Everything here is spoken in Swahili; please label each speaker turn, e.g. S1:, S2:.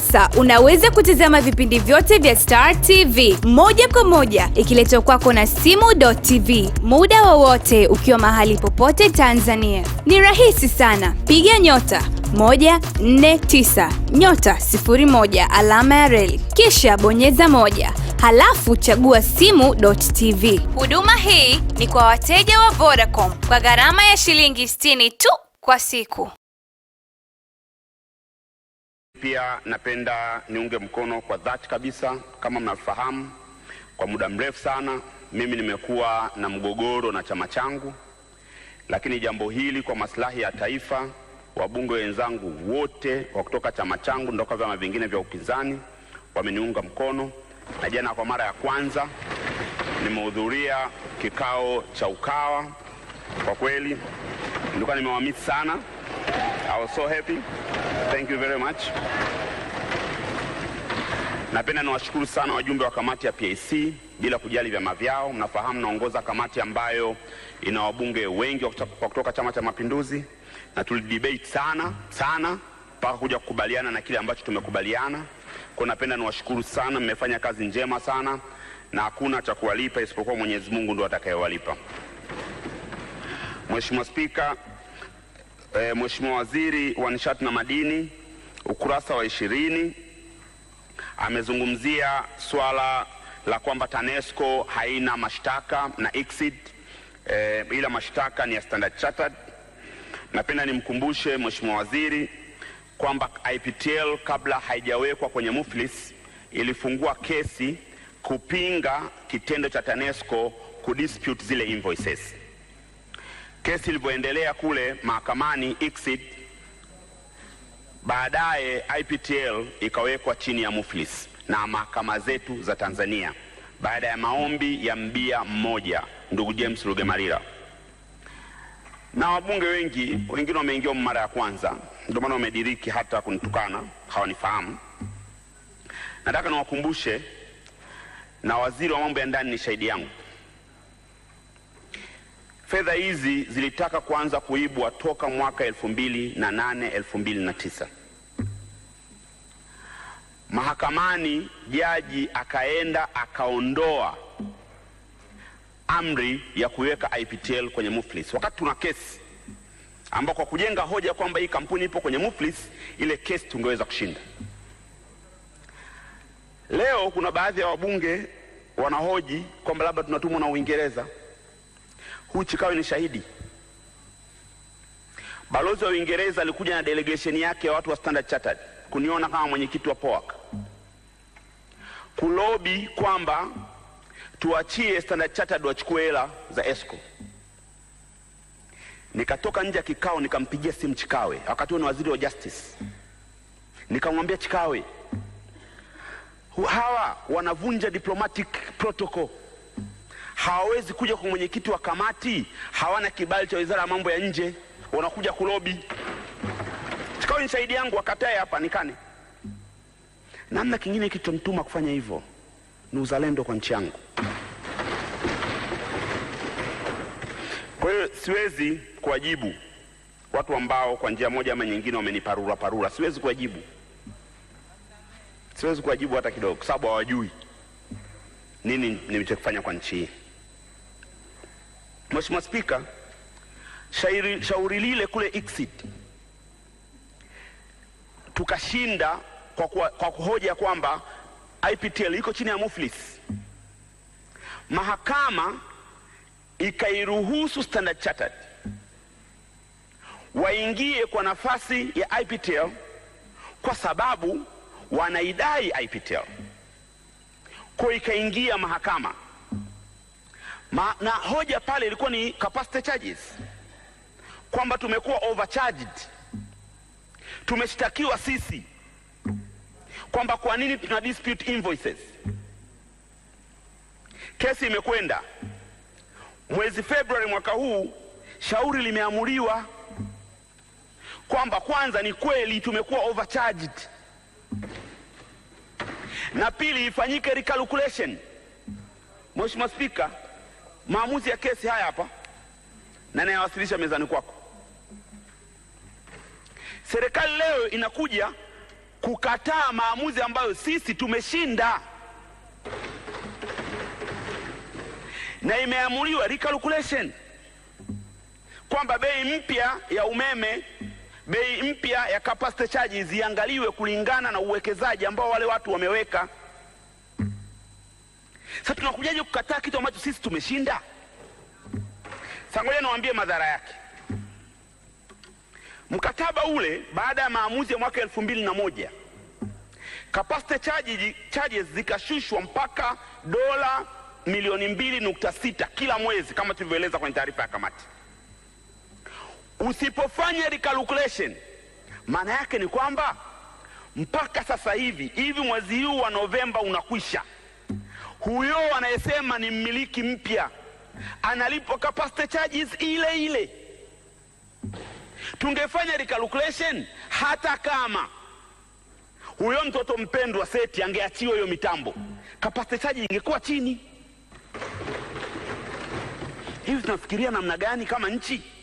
S1: Sasa unaweza kutizama vipindi vyote vya Star TV moja kwa moja ikiletwa kwako na Simu.tv muda wowote ukiwa mahali popote Tanzania. Ni rahisi sana, piga nyota 149 nyota 01 alama ya reli kisha bonyeza moja, halafu chagua Simu.tv.
S2: Huduma hii ni kwa wateja wa Vodacom kwa gharama ya shilingi 60 tu kwa siku.
S3: Pia napenda niunge mkono kwa dhati kabisa. Kama mnafahamu, kwa muda mrefu sana mimi nimekuwa na mgogoro na chama changu, lakini jambo hili kwa maslahi ya taifa, wabunge wenzangu wote wa kutoka chama changu ndoka vyama vingine vya upinzani wameniunga mkono, na jana kwa mara ya kwanza nimehudhuria kikao cha Ukawa. Kwa kweli nilikuwa nimewamisi sana. I was so happy. Thank you very much. Napenda niwashukuru sana wajumbe wa kamati ya PAC bila kujali vyama vyao. Mnafahamu naongoza kamati ambayo ina wabunge wengi wa kutoka Chama cha Mapinduzi, na tulidebate sana sana mpaka kuja kukubaliana na kile ambacho tumekubaliana. Kwa napenda niwashukuru sana, mmefanya kazi njema sana, na hakuna cha kuwalipa isipokuwa Mwenyezi Mungu ndo atakayewalipa. Mheshimiwa Spika, e, Mheshimiwa Waziri wa Nishati na Madini, ukurasa wa ishirini amezungumzia swala la kwamba TANESCO haina mashtaka na exit e, ila mashtaka ni ya Standard Chartered. Napenda nimkumbushe Mheshimiwa Waziri kwamba IPTL kabla haijawekwa kwenye muflis ilifungua kesi kupinga kitendo cha TANESCO kudispute zile invoices kesi ilivyoendelea kule mahakamani exit, baadaye IPTL ikawekwa chini ya Muflis na mahakama zetu za Tanzania baada ya maombi ya mbia mmoja ndugu James Rugemalira na wabunge wengi wengine wameingia mara ya kwanza, ndio maana wamediriki hata kunitukana, hawanifahamu. Nataka niwakumbushe, na waziri wa mambo ya ndani ni shahidi yangu. Fedha hizi zilitaka kuanza kuibwa toka mwaka 2008 2009. Mahakamani jaji akaenda akaondoa amri ya kuiweka IPTL kwenye Muflis wakati tuna kesi ambao kwa kujenga hoja kwamba hii kampuni ipo kwenye Muflis, ile kesi tungeweza kushinda. Leo kuna baadhi ya wabunge wanahoji kwamba labda tunatumwa na Uingereza. Huchi kawe ni shahidi. Balozi wa Uingereza alikuja na delegation yake ya watu wa Standard Chartered kuniona kama mwenyekiti wa POAC kulobi kwamba tuachie Standard Chartered wachukue hela za esco. Nikatoka nje ya kikao nikampigia simu Chikawe, wakati huo ni waziri wa justice, nikamwambia Chikawe, hawa wanavunja diplomatic protocol hawawezi kuja kwa mwenyekiti wa kamati, hawana kibali cha wizara ya mambo ya nje, wanakuja kulobi. Sikao ni yangu wakatae hapa nikane. Namna kingine kilichomtuma kufanya hivyo ni uzalendo kwa nchi yangu. Kwa hiyo siwezi kuwajibu watu ambao kwa njia moja ama nyingine wameniparura parura, siwezi kuwajibu, siwezi kuwajibu hata kidogo, kwa sababu hawajui nini nilichokifanya kwa nchi hii. Mheshimiwa Spika, shairi shauri lile kule exit tukashinda kwa, kwa, kwa kuhoja kwamba IPTL iko chini ya Muflis. Mahakama ikairuhusu Standard Chartered waingie kwa nafasi ya IPTL kwa sababu wanaidai IPTL, kwa ikaingia mahakama Ma, na hoja pale ilikuwa ni capacity charges kwamba tumekuwa overcharged. Tumeshtakiwa sisi kwamba kwa nini tuna dispute invoices. Kesi imekwenda mwezi Februari mwaka huu, shauri limeamuliwa kwamba kwanza, ni kweli tumekuwa overcharged, na pili, ifanyike recalculation. Mheshimiwa Spika, maamuzi ya kesi haya hapa na nayawasilisha mezani kwako. Serikali leo inakuja kukataa maamuzi ambayo sisi tumeshinda na imeamuliwa recalculation kwamba bei mpya ya umeme, bei mpya ya capacity charges iangaliwe kulingana na uwekezaji ambao wale watu wameweka. Sasa tunakujaje kukataa kitu ambacho sisi tumeshinda? Sasa ngoja niwaambie madhara yake. Mkataba ule baada ya maamuzi ya mwaka elfu mbili na moja capacity charges zikashushwa mpaka dola milioni mbili nukta sita kila mwezi kama tulivyoeleza kwenye taarifa ya kamati. Usipofanya recalculation, maana yake ni kwamba mpaka sasa hivi hivi mwezi huu wa Novemba unakwisha huyo anayesema ni mmiliki mpya analipo capacity charges ile ile. Tungefanya recalculation, hata kama huyo mtoto mpendwa seti angeachiwa hiyo mitambo, capacity charge ingekuwa chini. Hivi tunafikiria namna gani kama nchi?